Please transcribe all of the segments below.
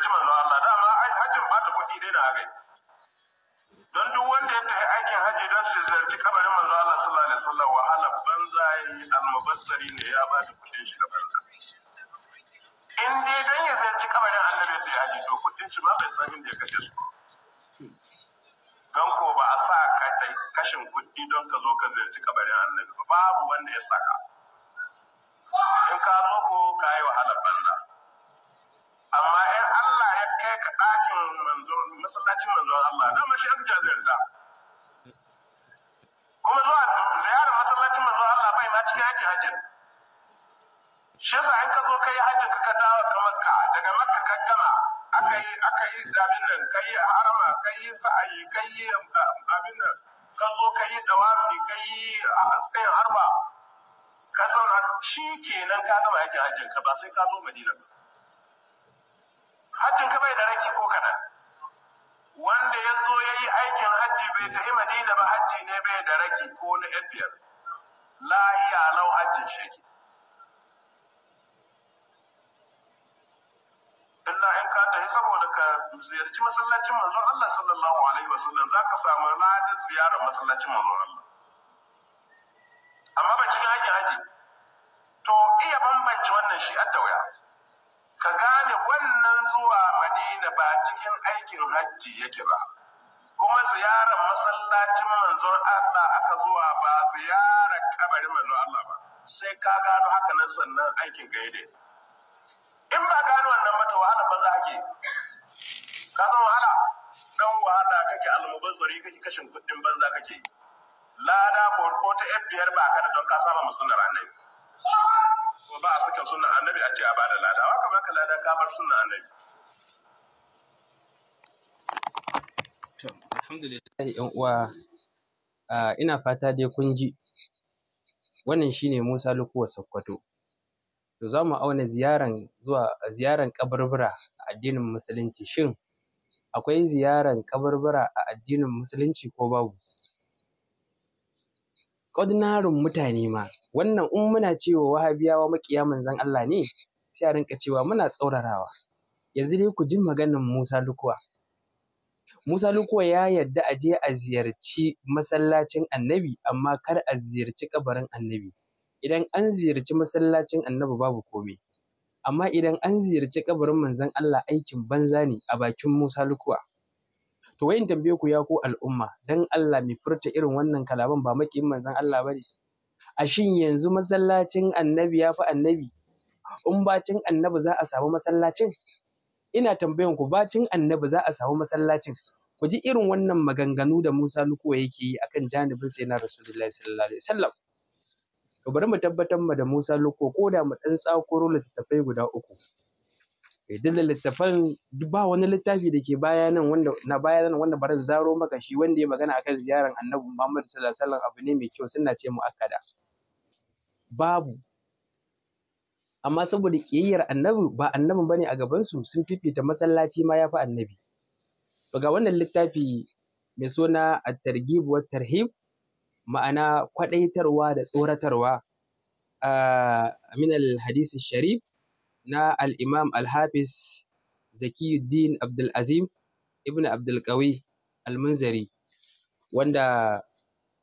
fahimci manzo Allah dama hajjin ba ta kuɗi dai da hagai don duk wanda ya tafi aikin hajji don su zarci kabarin manzo Allah sallallahu alaihi wasallam wahala banza yi almubassari ne ya ba ta kuɗin shi kabarin in dai don ya zarci kabarin annabi da ya to kuɗin shi ba bai san inda ya kashe su don ko ba a sa ka kashin kuɗi don ka zo ka ziyarci kabarin annabi ba babu wanda ya saka in ka zo ko ka yi wahalar banza? amma ya ka ɗakin manzon masallacin manzon Allah dama shi aka jazirta kuma zuwa ziyarar masallacin manzon Allah bai ma cikin aikin hajjin shi yasa in ka zo ka yi hajjin ka dawo ka makka daga makka ka gama aka yi aka yi abin nan ka yi harama ka yi sa'ayi ka yi um, abin nan ka zo ka yi dawafi ka yi ah, tsayin harba ka zauna shi kenan ka gama aikin hajjin ka ba sai ka zo madina ba hajjin ka bai da raki ko kaɗan wanda ya zo ya yi aikin hajji bai tafi madina ba hajji ne bai da raki ko na biyar lahiya lau hajjin shege illa in ka tafi saboda ka ziyarci masallacin manzon Allah sallallahu alaihi wasallam za ka samu ladin ziyarar masallacin manzon Allah amma ba cikin hajji hajji to iya bambance wannan shi da wuya ka gane wannan zuwa madina ba cikin aikin hajji yake ba kuma ziyarar masallacin manzon Allah aka zuwa ba ziyarar kabarin manzon Allah ba sai ka gano haka nan sannan aikin ka yade in ba gano wannan ba to wahala ba za ke ka san wahala dan wahala kake almubazzari kake kashin kuɗin banza kake lada ko ta biyar ba ka da don ka saba musulmar ranar. ko ba a saka sunan annabi a ce a bada lada haka ba ka lada ka bar sunan annabi alhamdulillah yan uwa ina fata dai kun ji wannan shine Musa Lukuwa Sokoto to za mu auna ziyaran zuwa ziyaran kaburbura a addinin musulunci shin akwai ziyaran kaburbura a addinin musulunci ko babu ƙaunarin mutane ma wannan in muna cewa wahabiyawa maƙiya manzon Allah ne sai a rinka cewa muna tsaurarawa yanzu dai ku ji maganar Musa Lukuwa Musa Lukuwa ya yarda a je a ziyarci masallacin annabi amma kar a ziyarci kabarin annabi idan an ziyarci masallacin annabi babu komai amma idan an ziyarci kabarin manzon Allah aikin banza ne a bakin Musa Lukuwa to wayin tambaye ku ya ko al'umma dan Allah mai furta irin wannan kalaman ba maƙiyin manzon Allah ba ne. a shin yanzu masallacin annabi ya fi annabi in bacin annabi za a samu masallacin ina tambayan ku bacin annabi za a samu masallacin ku ji irin wannan maganganu da Musa Lukuwa yake yi akan janibin sai na Rasulullahi sallallahu alaihi wasallam to bari mu tabbatar mu da Musa Lukuwa ko da mu dan tsakuro littattafai guda uku idan eh, da littafan ba wani littafi da ke baya nan wanda na baya nan wanda bari zaro maka shi wanda ya magana akan ziyaran Annabi Muhammad sallallahu alaihi wasallam abu ne mai kyau sunna ce mu akada babu amma saboda ƙiyayyar annabi ba annabin bane a gabansu sun fifita masallaci ma ya fi annabi to ga wannan littafi mai suna at-targhib wa tarhib ma'ana kwadaitarwa da tsoratarwa a ah, min al-hadith sharif na al-imam al-hafiz zakiyuddin abdul azim ibn abdul qawi al-munzari wanda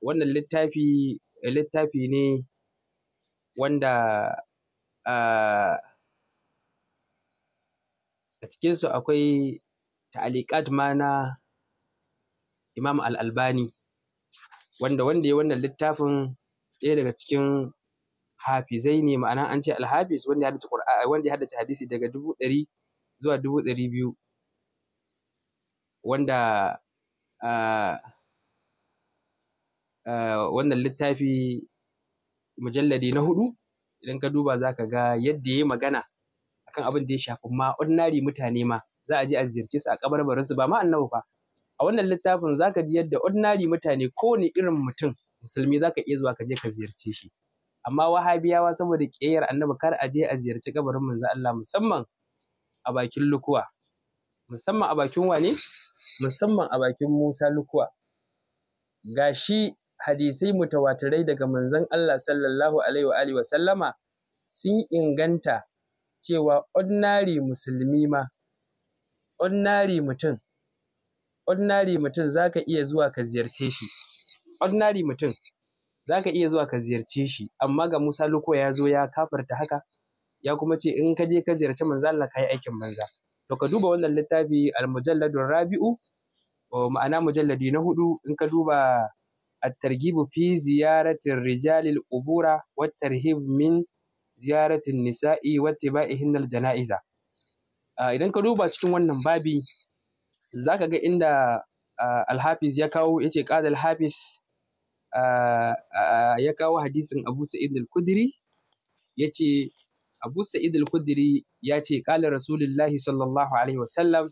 wannan littafi littafi ne wanda a cikinsu akwai ta'aliƙat ma na Imam Al-Albani wanda wanda ya wannan littafin ɗaya daga cikin hafizai ne ma'ana an ce alhafiz wanda ya haddace wanda ya haddace hadisi daga dubu ɗari zuwa dubu ɗari biyu wanda wannan littafi mujalladi na hudu idan ka duba za ka ga yadda ya yi magana kan abin da ya shafi ma ordinary mutane ma za a je a ziyarce su a kabarbarin su ba ma annabi fa a wannan littafin za ka ji yadda ordinary mutane kowane irin mutum musulmi za ka iya zuwa ka je ka ziyarce shi amma wahabiyawa saboda ƙeyar annabi kar a je a ziyarci kabarin manzo Allah musamman a bakin lukuwa musamman a bakin wane musamman a bakin Musa lukuwa shi. hadisai mutawatirai daga manzon Allah sallallahu alaihi wa sallama sun inganta cewa ordinary musulmi ma ordinary mutum ordinary mutum zaka iya zuwa ka ziyarce shi ordinary mutum zaka iya zuwa ka ziyarce shi amma ga Musa Luko ya zo ya kafarta haka ya kuma ce in ka je ka ziyarci manzo Allah kai aikin manza to ka duba wannan littafi al-mujalladur rabi'u ma'ana mujalladi na hudu in ka duba الترغيب في زيارة الرجال القبور والترهيب من زيارة النساء واتباعهن الجنائز idan ka duba cikin wannan babi za ka ga inda alhafiz ya kawo ya ce ƙadal hafiz ya kawo hadisin abu sa'id al-kudri ya ce abu sa'id al-kudri ya ce ƙalar rasulullahi sallallahu alaihi wasallam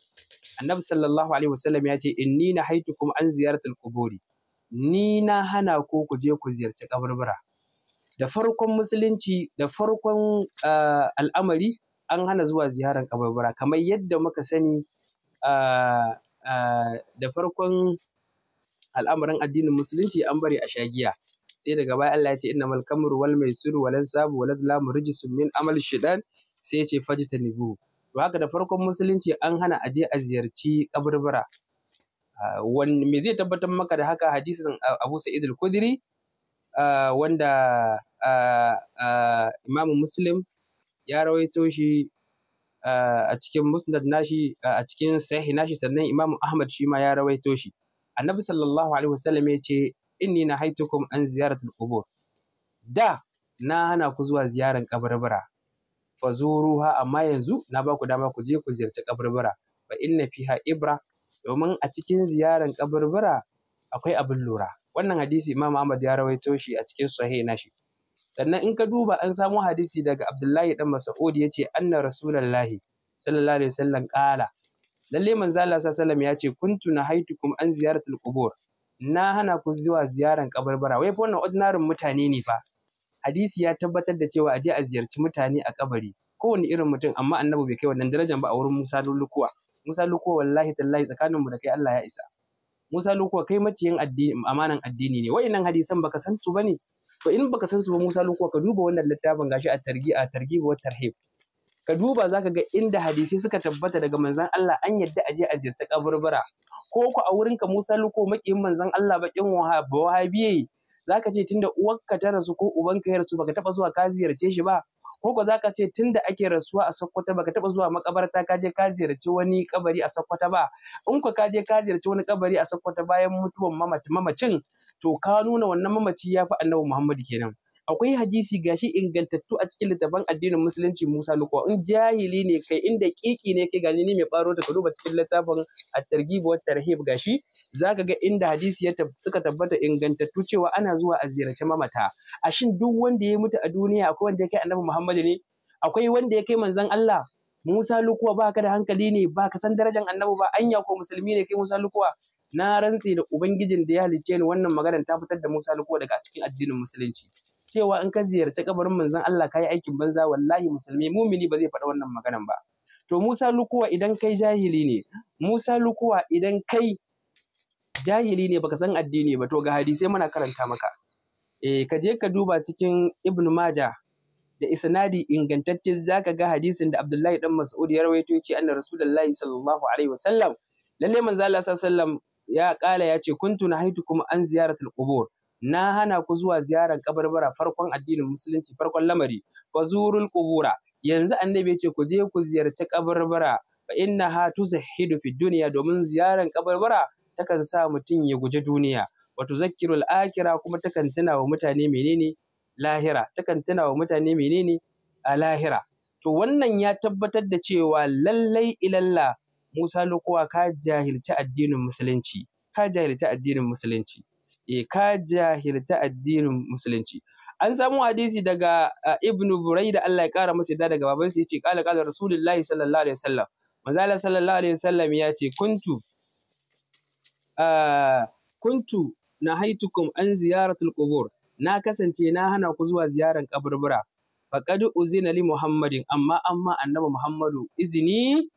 annabi sallallahu alaihi wasallam ya ce in ni na haitu kuma an ziyartar Kuburi. ni na hana ko ku je ku ziyarci kaburbura. Da farkon musulunci da farkon ah, al'amari an hana zuwa ziyarar kaburbura kamar yadda muka sani ah, ah, da farkon al'amarin addinin musulunci an bari a sha giya. sai daga baya Allah ya ce mal kamru wal maisiru wal ansabu wal azlamu rijsun min amal shaitan sai ya ce fajtanibu to haka da farkon musulunci an hana aje a ziyarci kaburbura Ah, wani me zai tabbatar maka da haka hadisin Abu Sa'id al-Khudri ah, wanda ah, Imam Muslim ya rawaito shi a cikin Musnad nashi a cikin Sahih nashi sannan Imam Ahmad shi ma ya rawaito shi Annabi sallallahu alaihi wasallam ya ce inni haitukum an ziyaratul qubur da na hana ku zuwa ziyaran fa zuruha amma yanzu na ba ku dama ku je ku ziyarci kabarbara fa inna fiha ibra domin a cikin ziyaran kaburbura akwai abin lura wannan hadisi imam ahmad ya rawaito shi a cikin na shi. sannan in ka duba an samo hadisi daga abdullahi dan mas'ud yace anna rasulullahi sallallahu alaihi wasallam qala lalle manzo Allah sallallahu alaihi wasallam yace kuntu nahaitukum an ziyaratul qubur na hana ku zuwa ziyaran kabarbara wai wannan ordinary mutane ne fa hadisi ya tabbatar da cewa aje a ziyarci mutane a kabari Kowanne irin mutum amma annabi bai kai wannan darajar ba a wurin Musa lullukuwa Musa Luko wallahi tallahi tsakanin mu da kai Allah ya isa Musa Luko kai maciyin addini amanan addini ne Wa'innan hadisan baka san su bane to in baka san su ba Musa Luko ka duba wannan littafin gashi a targi a wa tarhib ka duba zaka ga inda hadisai suka tabbata daga manzon Allah an yadda aje a ziyarci kaburbura ko ku a wurin ka Musa Luko makiyin manzon Allah bakin wahabiye zaka ce tunda uwanka ta rasu ko ubanka ya rasu baka taba zuwa ka ziyarce shi ba ko za zaka ce tun tunda ake rasuwa a Sokoto baka taba zuwa makabarta ka je ka ziyarci wani kabari a Sokoto ba in ko ka je ka ziyarci wani kabari a Sokoto bayan mutuwar mamacin to ka nuna wannan mamaci ya fi Annabi Muhammad kenan akwai hadisi gashi ingantattu a cikin littafin addinin musulunci Musa in jahili ne kai inda kiki ne kai gani ni mai baro ta duba cikin littafin at-targhib wa tarhib gashi zaka ga inda hadisi ya suka tabbata ingantattu cewa ana zuwa a ziyarci mamata a shin duk wanda ya mutu a duniya akwai wanda ya kai Annabi Muhammad ne akwai wanda ya kai manzon Allah Musa Lukuwa ba ka da hankali ne ba ka san darajar annabi ba anya ko musulmi ne kai Musa Lukuwa na rantse da ubangijin da ya halicce ni wannan magana ta fitar da Musa Lukuwa daga cikin addinin musulunci cewa in ka ziyarci kabarin manzon Allah ka yi aikin banza wallahi musulmi mumini ba zai faɗa wannan maganan ba to Musa lukuwa idan kai jahili ne Musa lukuwa idan kai jahili ne baka san addini ba to ga hadisai muna karanta maka eh ka je ka duba cikin Ibn Majah da isnadi ingantacce zaka ga hadisin da Abdullahi dan Mas'ud ya rawaito yace anna Rasulullahi sallallahu alaihi wasallam lalle manzo Allah sallallahu alaihi wasallam ya kala ya ce kuntu kuma an ziyaratul qubur na hana ku zuwa ziyarar kabarbara farkon addinin musulunci farkon lamari zurul qubura yanzu annabi ya ce ku je ku ziyarci kabarbara fa ha tuzahidu fi dunya domin ziyarar kabarbara takan sa mutum ya guji duniya wato zakirul akhira kuma takan tuna wa mutane menene lahira takan tuna wa mutane menene a lahira to wannan ya tabbatar da cewa lallai ilalla Musa Lukuwa ka jahilci addinin musulunci ka jahilci addinin musulunci eh ka jahilta addinin musulunci an samu hadisi daga eh, Ibn da Allah ya kara masa yadda daga babansa yace qala qala rasulullahi sallallahu alaihi wasallam manzo Allah sallallahu alaihi wasallam ya ce kuntu eh, kuntu nahaitukum an ziyaratul qubur na kasance na hana ku zuwa ziyaran kaburbura faqad uzina li muhammadin amma amma annabi muhammadu izini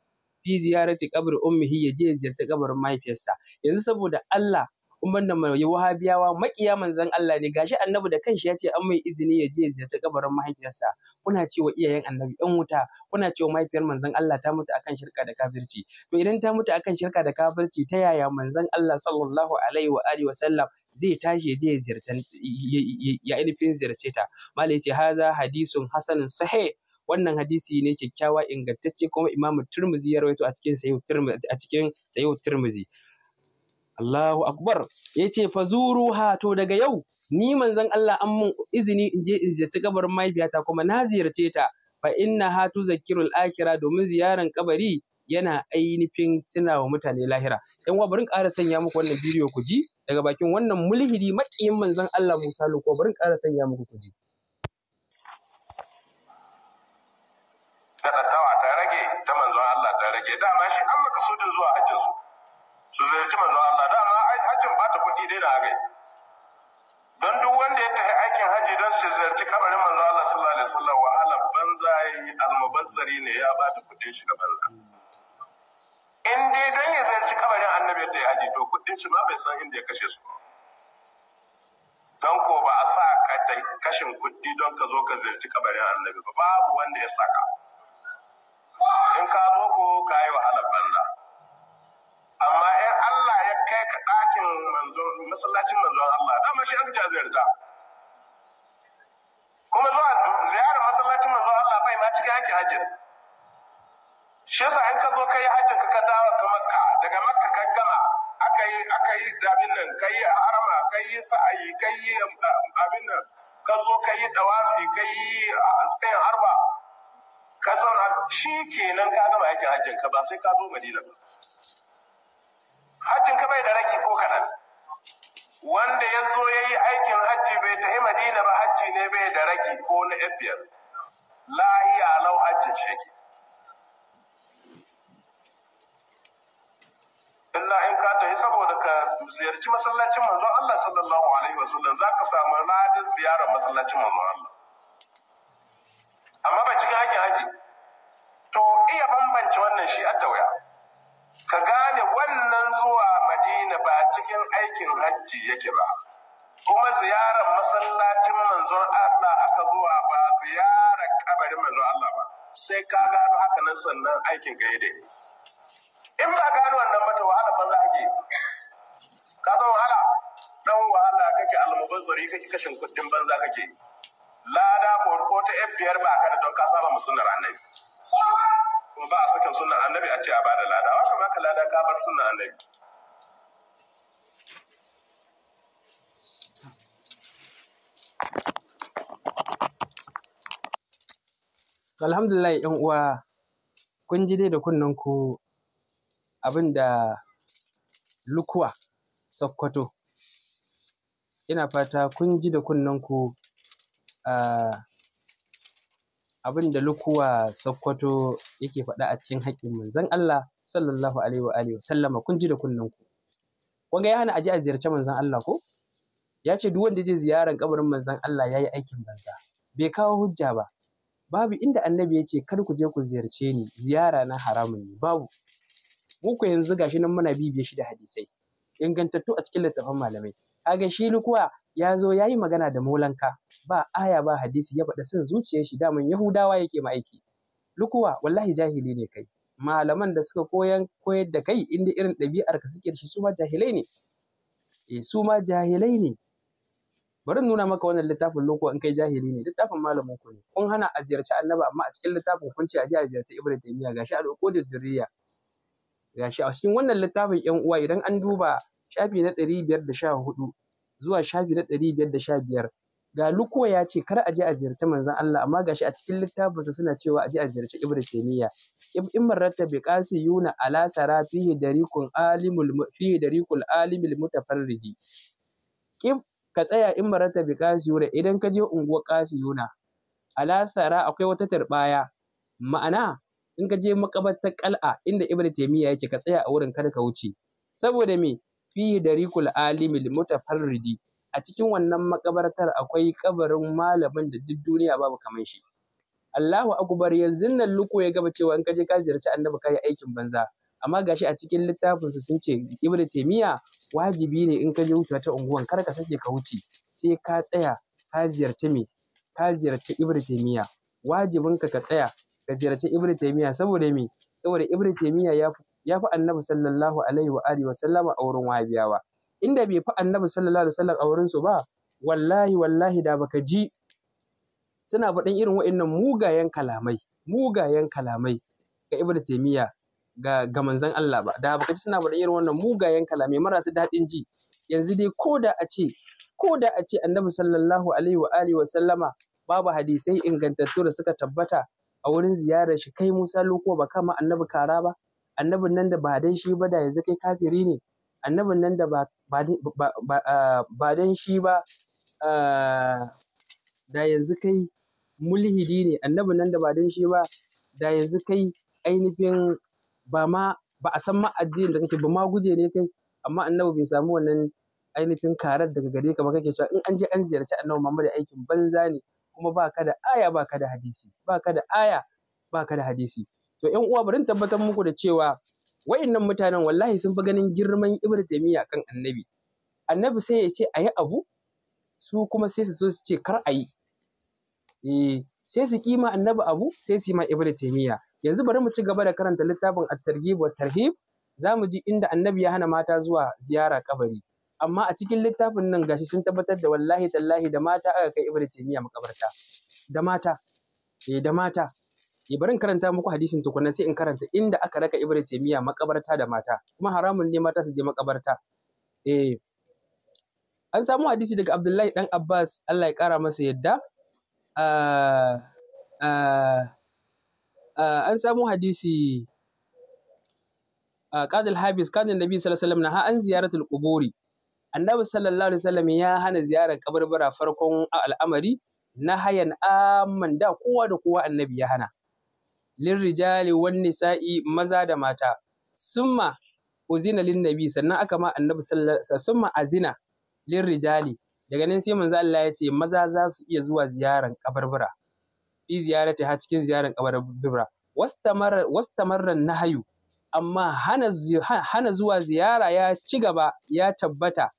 fi ziyarati qabr ummihi yaje ziyarci kabarin mahaifiyarsa yanzu saboda Allah in banda mai wahabiyawa makiya manzon Allah ne gashi annabi da kanshi ya ce an mai izini ya je ya ziyarci kabarin mahaifiyarsa kuna cewa iyayen annabi ɗan wuta kuna cewa mahaifiyar manzon Allah ta mutu akan shirka da kafirci to idan ta mutu akan shirka da kafirci ta yaya manzon Allah sallallahu alaihi wa alihi wa zai tashi je ya ziyarta ya ziyarce ta malai ce haza hadisun hasanun sahih wannan hadisi ne kyakkyawa ingantacce kuma imamu turmuzi ya rawaito a cikin sayo a turmuzi Allahu akbar yace ha to daga yau ni manzon Allah an mun izini in je in ziyarci kabarin mahaifiyata kuma na ziyarce ta fa tu zakirul akhirah domin ziyaran kabari yana ainihin tunawa mutane lahira dan uwa barin ƙara sanya muku wannan bidiyo ku ji daga bakin wannan mulhidi makiyin manzon Allah Musa Luko barin ƙara sanya muku ku ji ta rage ta manzon Allah ta rage dama shi an makasudin zuwa hajjin su su ziyarci manzo Allah da dama hajjin ba ta kuɗi dai da agai don duk wanda ya tafi aikin haji don su ziyarci kabarin manzo Allah sallallahu alaihi wasallam wahala banza yi almubazzari ne ya ba ta kuɗin shi banza in dai don ya ziyarci kabarin annabi da ya haji to kuɗin shi ma bai san inda ya kashe su don ko ba a sa ka kashin kuɗi don ka zo ka ziyarci kabarin annabi ba babu wanda ya saka in ka zo ko ka yi wahalar banza amma in Allah ya kai ka ɗakin masallacin manzon Allah dama shi aka ce yarda kuma zuwa ziyarar masallacin manzon Allah bai ma cikin haƙƙin hajjin shi yasa in ka zo ka yi hajjin ka dawo ka makka daga makka ka gama aka yi aka yi abin nan ka yi harama ka yi sa'ayi ka yi um, abin nan ka zo ka yi dawafi ka yi uh, tsayin harba ka san shi kenan ka gama aikin hajjin ka ba sai ka zo madina ba hajjin ka bai da raki ko kaɗan wanda ya zo ya yi aikin hajji bai yi madina ba hajji ne bai da raki ko na fbr lahiya lau hajjin shege illa in ka ta yi saboda ka ziyarci masallacin manzon Allah sallallahu alaihi Za ka samu ladin ziyarar masallacin manzon Allah amma ba cikin haƙin hajji. to iya bambance wannan shi a wuya ka gane wannan zuwa madina ba cikin aikin hajji yake ba kuma ziyarar masallacin manzon Allah aka zuwa ba ziyarar kabarin manzon Allah ba sai ka gano haka nan sannan aikin ka dai in ba gano wannan ba to wahala banza ke ka san wahala dan wahala kake almubazzari kake kashin kuɗin banza kake lada ko ta biyar ba ka da don ka saba musulmar annabi kuma ba a sakan sunan annabi a ce a bada lada wa kamar ka lada ka bar sunan annabi alhamdulillah yan uwa kun ji dai da kunnen ku abin da lukuwa sokoto ina fata kun ji da kunnen ku uh, abin da lukuwa sakkwato yake faɗa a cikin haƙƙin manzon Allah sallallahu alaihi wa alihi sallama kun ji da kullun ku wanga ya hana aje a ziyarci manzon Allah ko ya ce duk wanda zai ziyaran kabarin manzon Allah yayi aikin banza bai kawo hujja ba babu inda annabi ya ce kar ku je ku ziyarce ni ziyara na haramun ne babu mu ku yanzu gashi nan muna bibiye shi da hadisai ingantattu a cikin littafin malamai kaga shi lukuwa ya zo yayi magana da molanka ba aya ba hadisi ya faɗa son zuciyar shi daman yahudawa yake ma aiki lukuwa wallahi jahili ne kai malaman da suka koyan koyar da kai inda irin ɗabi'ar ka suke da shi su ma jahilai ne eh su ma jahilai ne bari nuna maka wannan littafin lokuwa in kai jahili ne littafin malamin ku ne kun hana a ziyarci annaba, amma a cikin littafin kun ce a je a ziyarci ibnu taymiya gashi a da duriya gashi a cikin wannan littafin yan uwa idan an duba shafi na ɗari biyar da sha hudu zuwa shafi na ɗari biyar da sha biyar ga luko ya ce kar a je a ziyarci manzon Allah amma gashi a cikin littafinsa suna cewa a je a ziyarci ibnu taymiya in rattabi qasi yuna ala sara fihi darikul alimul fihi darikul alimul mutafarriji ka tsaya in bi qasi yuna idan ka je unguwar qasi yuna ala sara akwai wata turbaya ma'ana in ka je makabartar qal'a inda ibnu taymiya yake ka tsaya a wurin kada ka wuce saboda me fihi darikul alimul mutafarridi a cikin wannan makabartar akwai kabarin malamin da duk duniya babu kaman shi Allahu akbar yanzu nan luko ya gaba cewa in ka je ka ziyarci annabi ka yi aikin banza amma gashi a cikin littafin littafinsu sun ce ibnu taymiya wajibi ne in ka je wucewa ta unguwan kar ka sake ka wuce sai ka tsaya ka ziyarci me ka ziyarci ibnu taymiya wajibin ka ka tsaya ka ziyarci ibnu taymiya saboda me saboda ibnu taymiya ya fi annabi sallallahu alaihi wa alihi wa sallama a wurin wahabiyawa inda bai fi annabi sallallahu alaihi wasallam a wurinsu ba wallahi wallahi da baka ji suna faɗin irin wa'annan mugayen kalamai mugayen kalamai ga ibnu taymiya ga ga manzon Allah ba da baka ji suna faɗin irin wannan mugayen kalamai marasu daɗin ji yanzu dai ko da a ce ko da a ce annabi sallallahu alaihi wa alihi wasallama babu hadisai ingantattu da suka tabbata a wurin ziyarar shi kai Musa Luko ba kama annabi kara ba annabin nan da ba dan shi ba da yanzu kai kafiri ne annabin nan da ba ba dan shi ba da yanzu kai mulhidi ne annabin nan da ba dan shi ba da yanzu kai ainihin ba ma ba a san ma addinin da kake ba ma guje ne kai amma annabi bai samu wannan ainihin karar daga gare ka ba kake cewa in an je an ziyarci annabi Muhammad aikin banza ne kuma ba ka da aya ba ka da hadisi ba ka da aya ba ka da hadisi to ƴan uwa bari tabbatar muku da cewa wa'innan mutanen wallahi sun fi ganin girman ibnu jami'a kan annabi annabi sai ya ce a yi abu su kuma sai su so su ce kar a yi eh sai su kima annabi abu sai su yi ma ibnu jami'a. yanzu bari mu ci gaba da karanta littafin at-targhib wa tarhib za mu ji inda annabi ya hana mata zuwa ziyara kabari amma a cikin littafin nan gashi sun tabbatar da wallahi tallahi da mata aka kai ibnu jami'a makabarta da mata eh da mata Eh, bari in karanta muku hadisin tukunna sai in karanta inda aka raka ibnu taymiya makabarta da mata kuma haramun ne mata su je makabarta eh an samu hadisi daga abdullahi dan abbas allah ya kara masa yadda ah, ah, ah, an samu hadisi qadil habis kan annabi sallallahu alaihi wasallam na an ziyaratul quburi annabi sallallahu alaihi wasallam ya hana ziyarar kabarbara farkon al'amari na hayan amman da kowa da kowa annabi ya hana lirrijali wan nisa'i maza da mata summa uzina lin nabi sannan aka ma annabi sallallahu summa azina lirrijali daga nan sai manzo Allah ya ce maza za su iya zuwa ziyaran kabarbura fi ziyarati ha cikin ziyaran kabarbura wastamar wastamarra nahayu amma hana hana zuwa ziyara ya ci gaba ya tabbata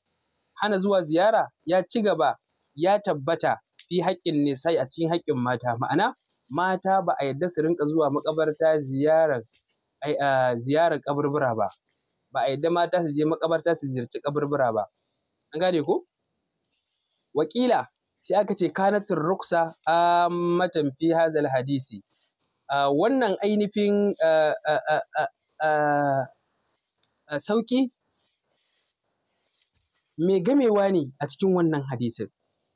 hana zuwa ziyara ya ci gaba ya tabbata fi haƙƙin nisa'i a cikin haƙƙin mata ma'ana mata ba a yadda su rinƙa zuwa maƙabarta ziyarar ziyarar ƙaburbura ba. Ba a yadda mata su je maƙabarta su ziyarci ƙaburbura ba. An gane ko? Wakila sai aka ce kanatin ruksa ammatan fi hazal hadisi. wannan ainihin sauƙi mai gamewa ne a cikin wannan hadisin.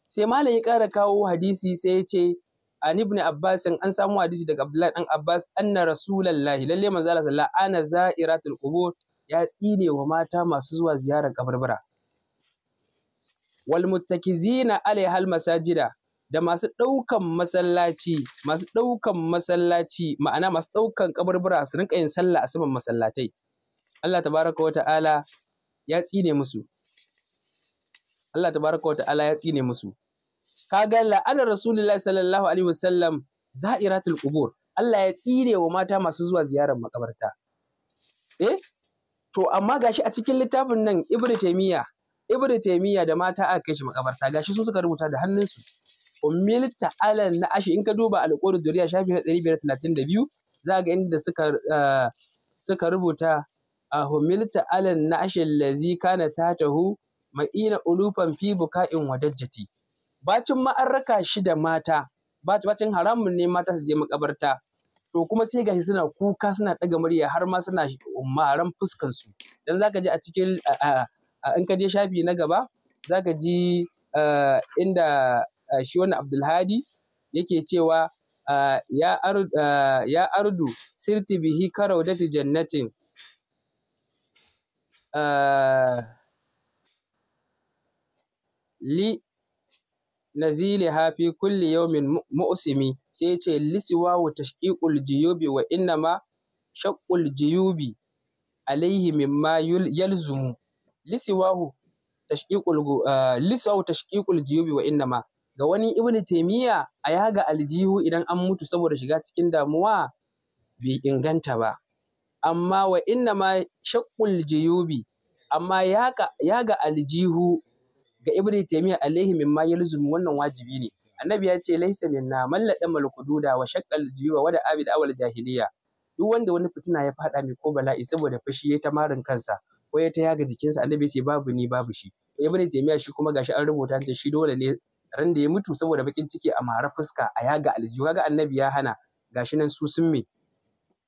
Sai malam ya ƙara kawo hadisi sai ya ce an ibn Abbas an samu hadisi daga Abdullahi dan Abbas anna rasulullahi lalle manzo Allah sallallahu ana za'iratul qubur ya tsine wa mata masu zuwa ziyarar kabarbara wal muttakizina alaiha al masajida da masu daukan masallaci masu ɗaukan masallaci ma'ana masu ɗaukan kabarbara su rinka yin sallah a saman masallatai Allah tabaraka wa ta'ala ya tsine musu Allah tabaraka wa ta'ala ya tsine musu kaga la'anar rasulullahi sallallahu alaihi wasallam za'iratul qubur Allah ya tsire wa mata masu zuwa ziyarar makabarta eh to amma gashi a cikin littafin nan ibnu taymiya ibnu taymiya da mata aka kai shi makabarta gashi sun suka rubuta da hannunsu ummil ta'ala na ashi in ka duba alqur'an duriya shafi na 532 za ga inda suka ah, suka rubuta ummil ta'ala na ashi allazi kana tatahu ma'ina ulufan fi buka'in wadajjati bacin ma'arraka shi da mata bacin haramun ne mata su je makabarta to kuma sai gashi suna kuka suna ɗaga murya har ma suna maran fuskar su dan zaka ji a cikin in ka je shafi na gaba zaka ji inda shi wannan Abdulhadi yake cewa ya ardu sirti bihi karaudati jannatin li naziliha fi kulli yawmin mu'simi sai ya ce lisiwawu tashqiqul juyubi wa ma shaqqul juyubi alaihi mimma yalzumu lisiwahu tashqiqul ah, lisiwahu tashqiqul juyubi wa ma ga wani ibnu taymiya a yaga aljihu idan an mutu saboda shiga cikin damuwa bai inganta ba amma wa ma shaqqul juyubi amma yaga yaga aljihu ga ibnu taymiya alaihi mimma yalzumu wannan wajibi ne annabi ya ce laysa minna mallada malkududa wa shaqqal jiwa wa da abid awal jahiliya duk wanda wani fitina ya fada mai ko bala'i saboda fashi ya ta marin kansa ko ya ta yaga jikinsa annabi ya ce babu ni babu shi ibnu taymiya shi kuma gashi an rubuta ta shi dole ne ran da ya mutu saboda bakin ciki a mara fuska a yaga aljihu kaga annabi ya hana gashi nan su sun me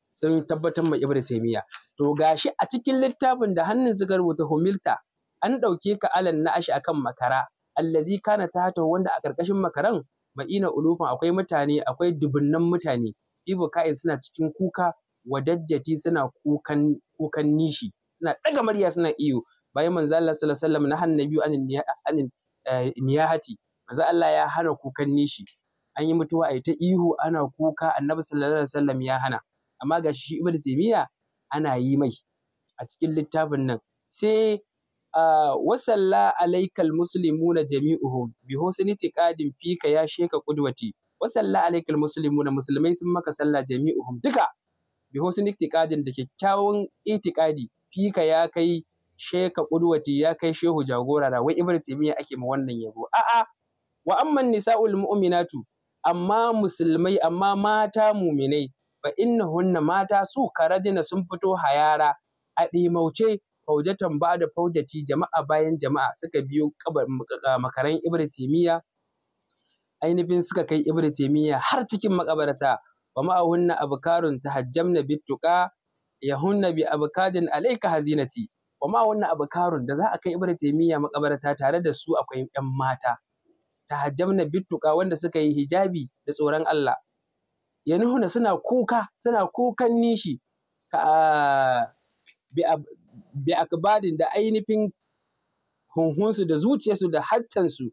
sun tabbatar ma ibnu taymiya to gashi a cikin littafin da hannun suka rubuta humilta an ɗauke ka alan na ashi akan makara allazi kana ta hatahu wanda a ƙarƙashin makaran ma'ina ulufin akwai mutane akwai dubunnan mutane Ibo ka'in suna cikin kuka wadajjati suna kukan kukan nishi suna ɗaga murya suna iyo bayan manzo Allah sallallahu alaihi wasallam na hannabi anin eh, niyahati manzo Allah ya hana kukan nishi an yi mutuwa ai ta ihu ana kuka annabi sallallahu alaihi wasallam ya hana amma ga shi ibnu taymiya ana yi mai a cikin littafin nan sai Ah, wasalla alaikal muslimuna jami'uhum bi husni tiqadin fika ya sheka qudwati wasalla alaikal muslimuna musulmai sun maka sallah jami'uhum duka bi husni tiqadin da kyakkyawan itiqadi fika ya kai sheka qudwati ya kai shehu jagora da wai ibnu taymiya ake ma wannan yabo a'a wa amma nisa'ul mu'minatu amma musulmai amma mata muminai fa innahunna mata su karajina sun fito hayara a ɗimauce faujatan ba da faujati jama'a bayan jama'a suka biyo makaran ibn taimiyya ainihin suka kai ibn har cikin makabarta wa ma'ahunna abkarun tahajjamna ya yahunna bi abkadin alayka hazinati wa ma'ahunna abkarun da za a kai ibn makabarta tare da su akwai yan mata tahajjamna bituqa wanda suka yi hijabi da tsoron Allah ya nuhuna suna kuka suna kukan nishi bi bi akbadin da ainihin hunhunsu da zuciyarsu da hattansu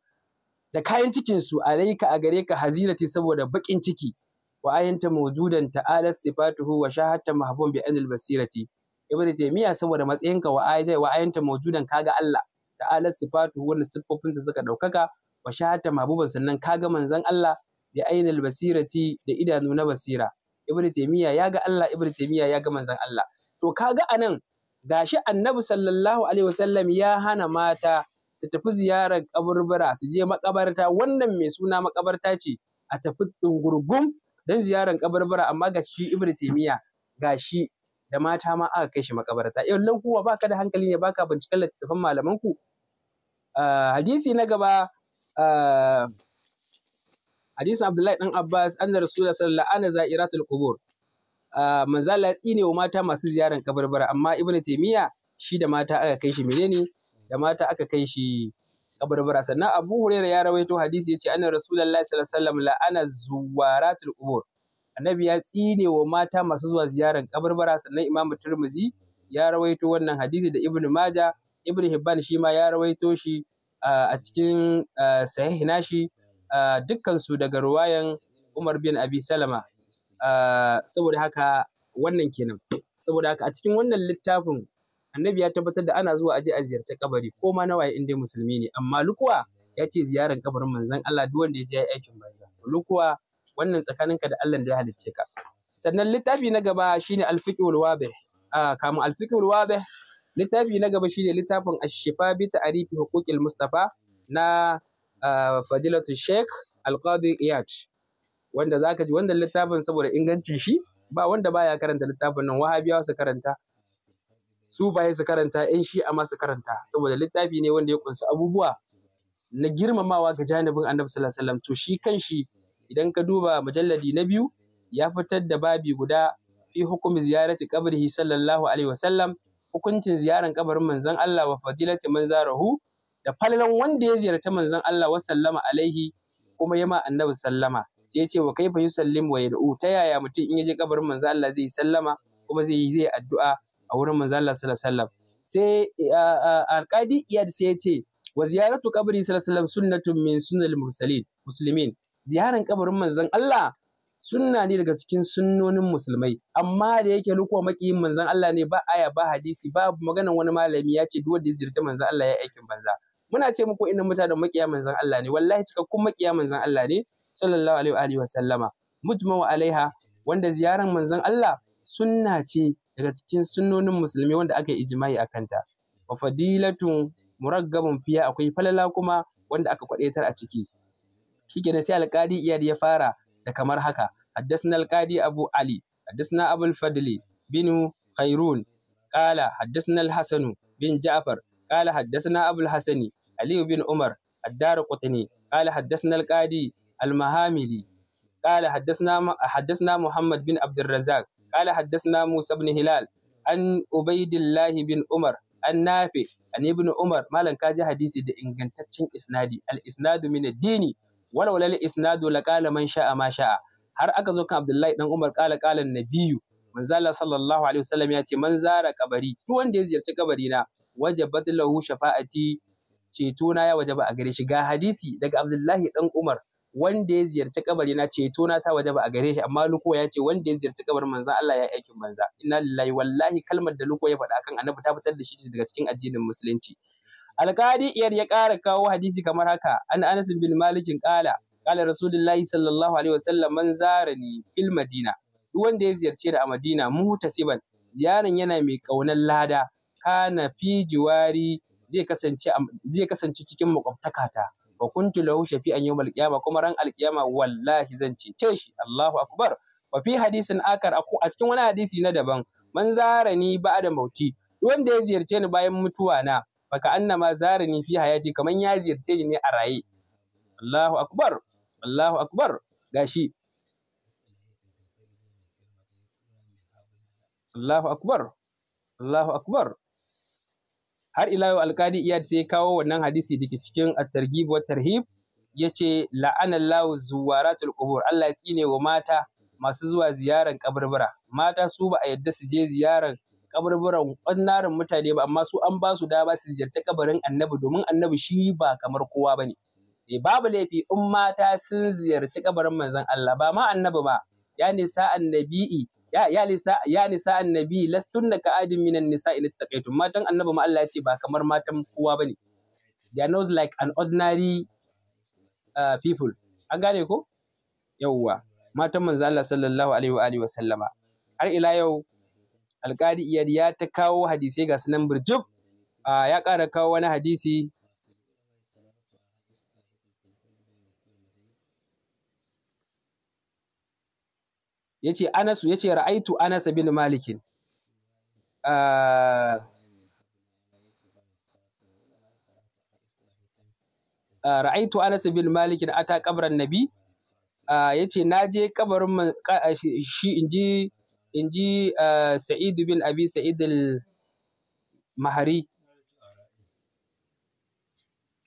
da kayan cikinsu alaika a gare ka hazirati saboda baƙin ciki wa ayanta mawjudan ta'ala sifatuhu wa shahatta mahbun bi anil basirati ibnu taymiya saboda matsayinka wa ayata wa ayanta mawjudan kaga Allah ta'ala sifatuhu wannan siffofinsa suka daukaka wa shahatta mahbuban sannan kaga manzon Allah bi ainil basirati da idanu na basira ibnu taymiya ya ga Allah ibnu taymiya ya ga manzon Allah to kaga anan gashi annabi sallallahu alaihi wasallam ya hana mata su tafi ziyarar kaburbura su je makabarta wannan mai suna makabarta ce a tafi ɗungurgum don ziyarar kaburbura amma ga shi ibnu taimiya ga shi da mata ma aka kai shi makabarta yallan eh, kuwa baka da hankali ne baka binciken littafan malaman ku ah, hadisi na gaba ah, hadisin abdullahi dan abbas anna rasulullahi sallallahu alaihi wasallam la'ana za'iratul qubur Manzala Allah ya tsine wa mata masu ziyaran kabarbara amma ibnu taymiya shi da mata aka kai shi menene da mata aka kai shi kabarbara sannan abu huraira ya rawaito hadisi yace anna rasulullahi sallallahu alaihi wasallam la'ana zuwaratul qubur annabi ya tsine wa mata masu zuwa ziyaran kabarbara sannan imam tirmizi ya rawaito wannan hadisi da ibnu maja ibnu hibban shi ma ya rawaito shi a cikin sahih nashi dukkan su daga ruwayan umar bin abi salama Ah, saboda haka wannan kenan saboda haka a cikin wannan littafin annabi ya tabbatar da ana zuwa aje a ziyarci kabari ko ma na waye in dai musulmi ne amma lukuwa ya ce ziyarar kabarin manzon Allah duk wanda ya je ya aikin banza lukuwa wannan tsakaninka da Allah da ya halicce ka sannan littafi na gaba shine al-fiqhul wabih ah, kamun al-fiqhul wabih littafi na gaba shine littafin ash-shifa bi ta'rifi huquqil mustafa na ah, fadilatu sheikh al-qadi iyad wanda za ka ji wannan littafin saboda ingancin shi ba wanda baya karanta littafin nan wahabiyawa su karanta su baye su karanta yan shi, amma su karanta saboda littafi ne wanda ya kunsa abubuwa na girmamawa ga janibin annabi sallallahu alaihi wasallam to shi kanshi idan ka duba mujalladi na biyu ya fitar da babi guda fi hukumi ziyarati qabrihi sallallahu alaihi wasallam hukuncin ziyaran kabarin manzon Allah wa fadilati man zarahu da falalan wanda ya ziyarci manzon Allah wa sallama alaihi kuma yama annabi sallama sai ya ce wa kaifa yusallim wa yad'u ta yaya mutum in ya je kabarin manzo Allah zai sallama kuma zai yi zai addu'a a wurin manzo Allah sallallahu alaihi wasallam sai alqadi iyad sai ya ce wa ziyaratu qabri sallallahu alaihi wasallam sunnatun min sunnal mursalin muslimin ziyaran kabarin manzon Allah sunna ne daga cikin sunnonin musulmai amma da yake lukuwa makiyin manzon Allah ne ba aya ba hadisi babu maganan wani malami ya ce duk wanda ya ziyarci manzon Allah ya aikin banza muna ce muku inda mutanen makiya manzon Allah ne wallahi cikakkun makiya manzon Allah ne sallallahu alaihi wa sallama mujma'u alaiha wanda ziyarar manzon Allah sunna ce daga cikin sunnonin musulmi wanda aka yi ijma'i a kanta wa fadilatun muraggabun fiya akwai falala kuma wanda aka kwadaitar a ciki shikenan sai alqadi iyad ya fara da kamar haka حدثنا Abu Ali, علي حدثنا Fadli bin Khairun, خيرون قال حدثنا bin Jafar, جعفر قال حدثنا أبو الحسن bin Umar عمر الدار قطني قال حدثنا القاضي المهاملي قال حدثنا حدثنا محمد بن عبد الرزاق قال حدثنا موسى بن هلال عن عبيد الله بن عمر عن نافع عن ابن عمر مالن كاجي حديثي ده ingantaccen isnadi al isnadu min ad-dini walau lal isnadu laqala sha'a ma sha'a har aka zo kan Abdullahi dan Umar kala kala nabiyu manzo Allah sallallahu alaihi wasallam ya ce man zara kabari duk wanda ya ziyarci kabari na wajabat lahu shafa'ati ceto na ya wajaba a gare shi ga hadisi daga Abdullahi dan Umar wanda ya ziyarci kabari na ceto na ta wajaba a gare shi amma luko ya ce wanda ya ziyarci kabarin manzon Allah ya aikin banza inna lillahi wallahi kalmar da luko ya faɗa kan annabi ta fitar da shi daga cikin addinin musulunci alƙadi iyar ya ƙara kawo hadisi kamar haka an anas bin malikin ƙala qala rasulullahi sallallahu alaihi wasallam man zarani fil madina wanda ya ziyarci da a madina mutasiban ziyaran yana mai kaunar lada kana fi jiwari zai kasance cikin ta. wa kuntu lahu shafi'an yawmal qiyamah kuma ran alqiyama wallahi zan cece shi Allahu akbar wa fi hadisin akar a cikin wani hadisi na daban man zara da ba'da mauti wanda ya ziyarce ni bayan mutuwa na baka annama zara ni fi hayati kaman ya ziyarce ni ne a raye Allahu akbar Allahu akbar gashi Allahu akbar Allahu akbar har ila yau alkadi iyad sai kawo wannan hadisi dake cikin at-targhib wa tarhib yace la'ana Allah zuwaratul qubur Allah ya tsine wa mata masu zuwa ziyaran kaburbura mata su ba a yadda su je ziyaran kaburburan wannan mutane ba amma su an ba su da ba su ziyarci kabarin annabi domin annabi shi ba kamar kowa bane eh, babu laifi in mata sun ziyarci kabarin manzon Allah ba ma annabi ba yani sa annabi'i. ya nisa ya las annabi lastunna ka adimi minan nisa in taqaytum matan annabi ma Allah ya ce ba kamar matan kowa bane they are not like an ordinary uh, people an gane ko yawwa matan manzo Allah sallallahu alaihi wa alihi wa sallama har ila yau alƙari iyad ya ta kawo hadisai ga sunan burjub ah, ya ƙara kawo wani hadisi yace Anasu yace ra'aitu Anas bin Malik ah, ah, ra'aitu Anas bin Malik ata kabran Nabi ah, yace na je kabarin shi inji inji Sa'id bin Abi Sa'id al-Mahari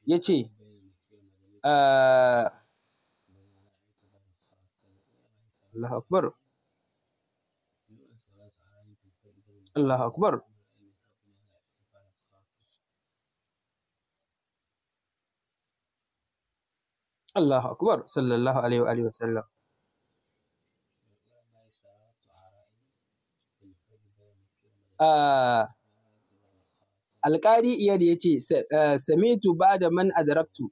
yace Allahu Akbar Allah akbar Allah akbar sallallahu alaihi wa alihi wasallam alƙari ah, iyad ya ce eh, samitu ba da man adarabtu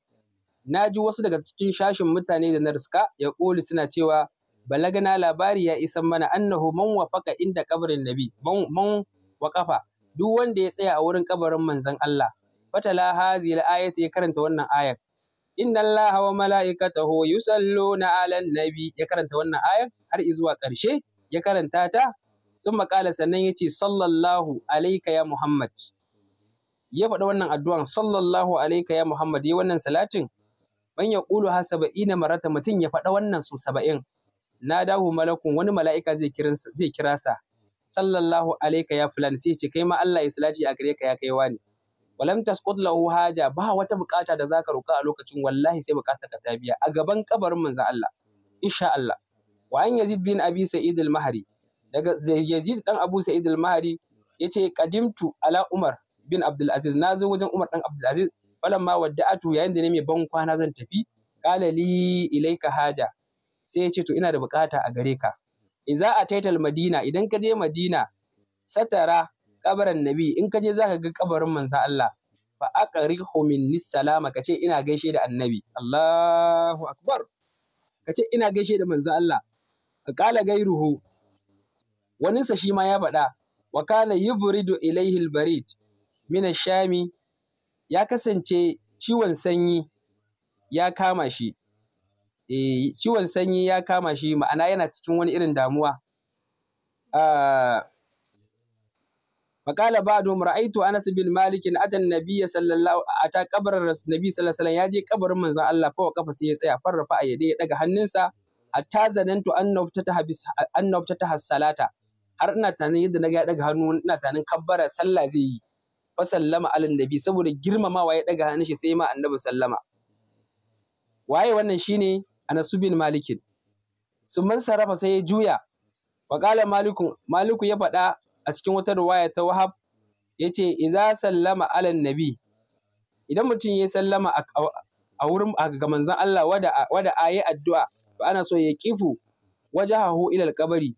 na ji wasu daga cikin shashin mutane da na riska ya ƙoli suna cewa balagana labari ya isan mana annahu man wafaka inda kabarin nabi man waqafa duk wanda ya tsaya a wurin kabarin manzon Allah fatala hazil ayati ya karanta wannan ayar inna allaha wa mala'ikatahu yusalluna 'alan nabi ya karanta wannan ayar har zuwa ƙarshe ya karanta ta sun makala sannan ya ce sallallahu alaika ya muhammad ya faɗa wannan addu'an sallallahu alaika ya muhammad ya wannan salatin man ya ƙulu ha saba'ina marata mutum ya faɗa wannan su saba'in Na nadahu malakun wani mala'ika zai zai kira sa sallallahu alaika ya fulani sai ce kai ma Allah ya salati a gare ka ya kai wani walam tasqut lahu haja ba wata bukata da zaka roka a lokacin wallahi sai bukata ka ta biya a gaban kabarin manzo Allah insha Allah wa an yazid bin abi sa'id al-mahri daga yazid dan abu sa'id al-mahri yace qadimtu ala umar bin abdul aziz na zo wajen umar dan abdul aziz falamma wadda'atu yayin da ne mai ban kwana zan tafi qala li ilayka haja sai ya ce to ina da bukata a gare ka Iza a ataital madina idan ka je madina satara kabarin nabi in ka je zaka ga kabarin manzo Allah fa aqrihu minni salama kace ina gaishe da annabi Allahu akbar kace ina gaishe da manzo Allah qala gairuhu waninsa shi ma ya faɗa wa kana yubridu ilaihi albarid min ash-shami ya kasance ciwon sanyi ya kama shi eh ciwon sanyi ya kama shi ma'ana yana cikin wani irin damuwa ah, Faƙala ba domin ra'aitu Anas bin Malik in atan Nabi sallallahu a ta kabarin Nabi sallallahu alaihi ya je kabarin manzon Allah fa kafa sai ya tsaya farrafa a yade ya daga hannunsa hatta zanantu annabta ta habis annabta ta hasalata har ina tanin yadda na ga ya daga hannu ina tanin kabbara sallah zai yi fa sallama alin nabi saboda girmamawa ya daga hannun shi sai ma annabi sallama waye wannan shine Anas bin Malikin sun man sarrafa sai ya juya wa qala malikun maliku ya faɗa a cikin wata riwaya ta Wahab yace idza sallama alan nabi idan mutum ya sallama a wurin ga manzon Allah wada wada ayi addu'a to ana so ya kifu wajahahu ila kabari,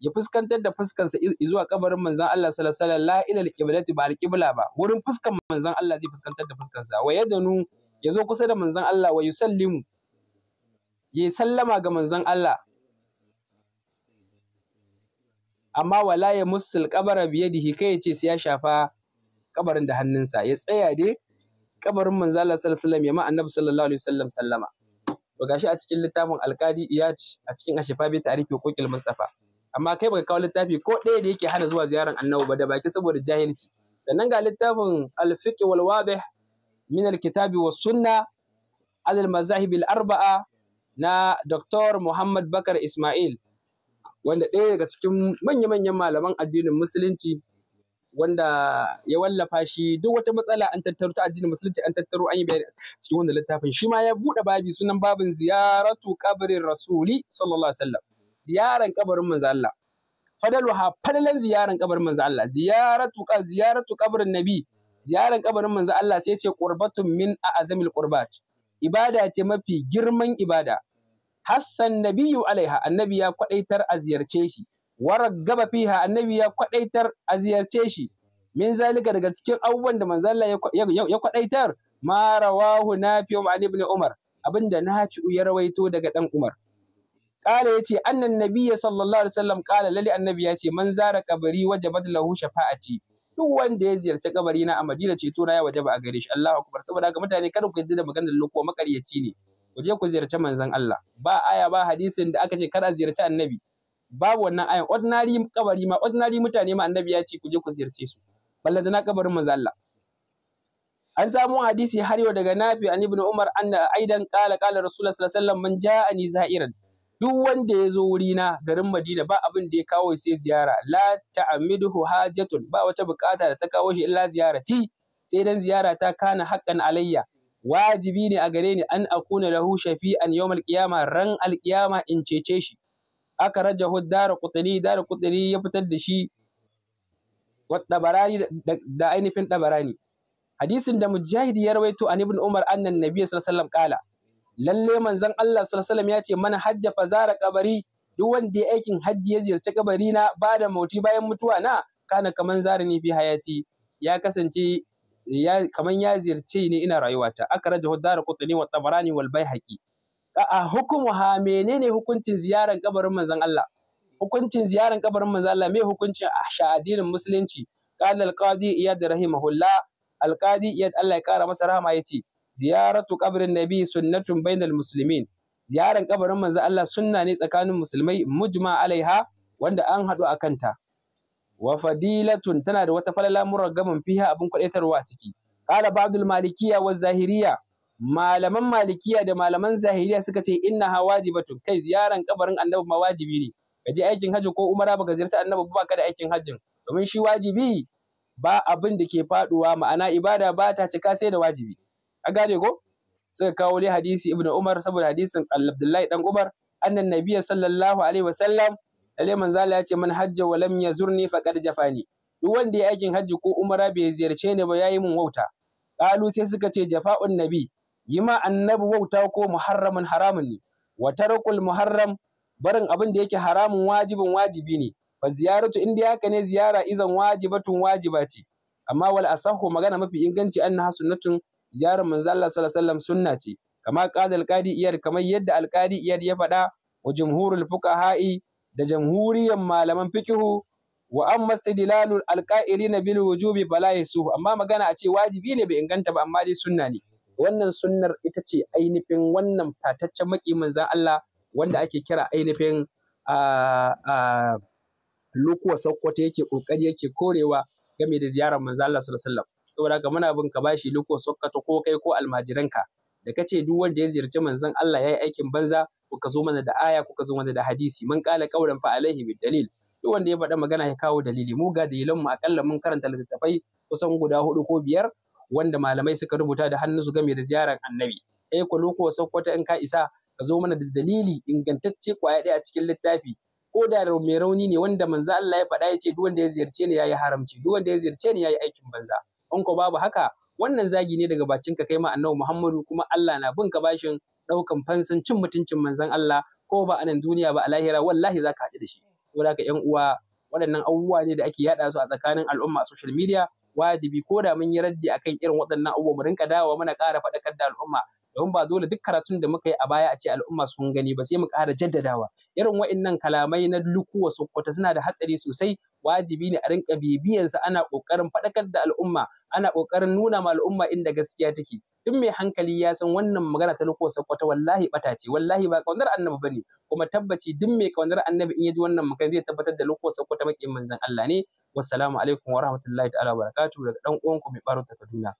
ya fuskantar da fuskansa zuwa kabarin manzon Allah sallallahu alaihi wasallam la ila alqiblati ba alqibla ba wurin fuskan manzon Allah zai fuskantar da fuskansa wa ya yazo kusa da manzon Allah wa yusallimu ya yi sallama ga manzon Allah amma wala ya musul kabara biyadihi kai ya ce sai ya shafa kabarin da hannunsa ya tsaya dai kabarin manzo Allah sallallahu alaihi wasallam ya sallallahu alaihi wasallam sallama to gashi a cikin littafin alqadi iyad a cikin ashifa bi ta'rifi Kokil mustafa amma kai baka kawo littafi ko ɗaya da yake hana zuwa ziyaran annabi ba da baki saboda jahilci sannan ga littafin al-fiqh wal min al-kitabi was sunna al-mazahib al-arba'a na Dr. Muhammad Bakar Ismail wanda ɗaya daga cikin manya-manyan malaman addinin musulunci wanda ya wallafa shi duk wata matsala an tattaro ta addinin musulunci an tattaro an yi bayani cikin wanda littafin shi ma ya buɗe babi sunan babin ziyaratu kabarin rasuli sallallahu alaihi wasallam ziyaran kabarin manzo Allah ha fadalan ziyaran kabarin manzo Allah ziyaratu ka ziyaratu kabarin nabi ziyaran kabarin manzo Allah sai ce qurbatun min a'zamil qurbat ibada ce mafi girman ibada hassan nabiyu alaiha annabi ya kwadaitar a ziyarce shi gaba fiha annabi ya kwadaitar a ziyarce shi min zalika daga cikin abubuwan da manzala Allah ya kwadaitar ma rawahu nafi'u an ibn umar abinda nafi'u ya rawaito daga dan umar qala yace annan nabiyya sallallahu alaihi wasallam qala lali annabi yace man zara qabri wajabat lahu shafa'ati duk wanda ya ziyarci kabari na a Madina ceto na ya wajaba a gare shi Allahu akbar saboda ga mutane kada ku yarda da maganar lokuwa makaryaci ne ku je ku ziyarci manzon Allah ba aya ba hadisin da aka ce kada ziyarci annabi babu wannan ayan ordinary kabari ma ordinary mutane ma annabi ya ce ku je ku ziyarce su ballanta na kabarin manzon Allah an samu hadisi har yau daga Nafi an ibn Umar anna aidan qala qala rasulullah sallallahu alaihi wasallam man ja'ani za'iran duk wanda ya zo wurina garin Madina ba abin da ya kawo sai ziyara la ta'amiduhu hajatun ba wata bukata da ta kawo shi illa ziyarati sai dan ziyara ta kana haqqan alayya wajibi ne a gare ni an akuna lahu shafi'an yawmal qiyama ran qiyama in cece shi aka raja huddar qutni dar qutni ya fitar da shi barani da ainihin barani hadisin da mujahid ya rawaito an ibn umar annan nabiy sallallahu alaihi wasallam kala lalle manzon Allah sallallahu alaihi wasallam ya ce man hajja fa zara kabari duk wanda ya aikin hajji ya ziyarci kabari na ba mauti bayan mutuwa na kana kaman zara fi hayati ya kasance kamar ya ziyarce ni ina rayuwata akrajahu darqutni wa tabarani wal baihaqi a hukumuha menene hukuncin ziyaran kabarin manzon Allah hukuncin ziyaran kabarin manzon Allah me hukuncin sha'adinin musulunci qala al qadi iyad rahimahullah al qadi iyad Allah ya kara masa rahama yace ziyaratu qabrin nabi sunnatun bainal muslimin ziyaran kabarin manzon Allah sunna ne tsakanin musulmai mujma alaiha wanda an haɗu a kanta wa fadilatun tana da wata falala muraggaman fiha abin kwadaitarwa a ciki qala ba'dul malikiyya wa zahiriyya malaman malikiyya da malaman zahiriya suka ce inna ha wajibatun kai ziyaran kabarin annabi ma wajibi ne ka je aikin hajji ko umara baka ziyarci annabi ba ka da aikin hajjin domin shi wajibi ba abin da ke faduwa ma'ana ibada ba ta cika sai da wajibi a gane ko suka kawo dai hadisi ibnu umar saboda hadisin abdullahi dan umar annan nabiyya sallallahu alaihi wasallam lalle manzo Allah ya ce man hajja wa lam yazurni faqad jafani duk wanda ya aikin hajji ko umara bai ziyarce ni ba yayi mun wauta qalu sai suka ce jafa'un nabi yi ma annabi wauta ko muharramin haramun ne wa tarakul muharram barin abin da yake haramun wajibin wajibi ne fa ziyaratu inda haka ne ziyara izan wajibatun wajiba ce amma wal asahu magana mafi inganci annaha sunnatun ziyarar manzo Allah sallallahu alaihi wasallam sunna ce kama qala al-qadi iyar kamar yadda al-qadi ya faɗa wa jumhurul fuqaha'i da jamhuriyar malaman fiqhu wa amma istidlalul alqa'ilina bil wujubi Bala yasu amma magana a ce wajibi ne bai inganta ba amma dai sunna ne wannan sunnar ita ce ainihin wannan tataccen maki manzan Allah wanda ake kira ainihin lokuwa sakkwato yake kokari yake korewa game da ziyarar manzan Allah sallallahu alaihi wasallam saboda ga muna bin ka bashi lokuwa sakkwato ko kai ko almajiranka da kace duk wanda ya ziyarci manzan Allah yayi aikin banza kuka zo mana da aya kuka zo mana da hadisi man kala qawlan fa alaihi bid dalil duk wanda ya faɗa magana ya kawo dalili mu ga dalilan mu akalla mun karanta littattafai kusan guda hudu ko biyar wanda malamai suka rubuta da hannu su game da ziyarar annabi eh ko loko sakkwata in ka isa ka zo mana da dalili ingantacce kwaya ɗaya a cikin littafi ko da mai rauni ne wanda manzo Allah ya faɗa ya ce duk wanda ya ziyarce ni yayi haramci duk wanda ya ziyarce ni yayi aikin banza in ko babu haka wannan zagi ne daga bakin ka kai ma annabi Muhammadu kuma Allah na bin ka bashin ɗaukan fansan cin mutuncin manzon Allah ko ba a nan duniya ba a lahira wallahi za ka haɗu da shi saboda haka ƴan uwa waɗannan abubuwa ne da ake yaɗa su a tsakanin al'umma a social media wajibi ko da mun yi raddi akan irin waɗannan abubuwa mu rinka dawowa muna ƙara faɗakar da al'umma don ba dole duk karatun da muka yi a baya a ce al'umma sun gani ba sai mu ƙara jaddadawa irin wa'innan kalamai na lukuwa sokota suna da hatsari sosai wajibi ne a rinka bibiyansa ana ƙoƙarin faɗakar da al'umma ana ƙoƙarin nuna ma al'umma inda gaskiya take duk mai hankali ya san wannan magana ta lukuwa sokota wallahi bata ce wallahi ba kaunar annabi ne kuma tabbaci duk mai kaunar annabi in ya ji wannan magana zai tabbatar da lukuwa sokota maƙin manzon Allah ne wassalamu alaikum wa rahmatullahi ta'ala wa barakatuhu daga dan uwanku mai baro ta Kaduna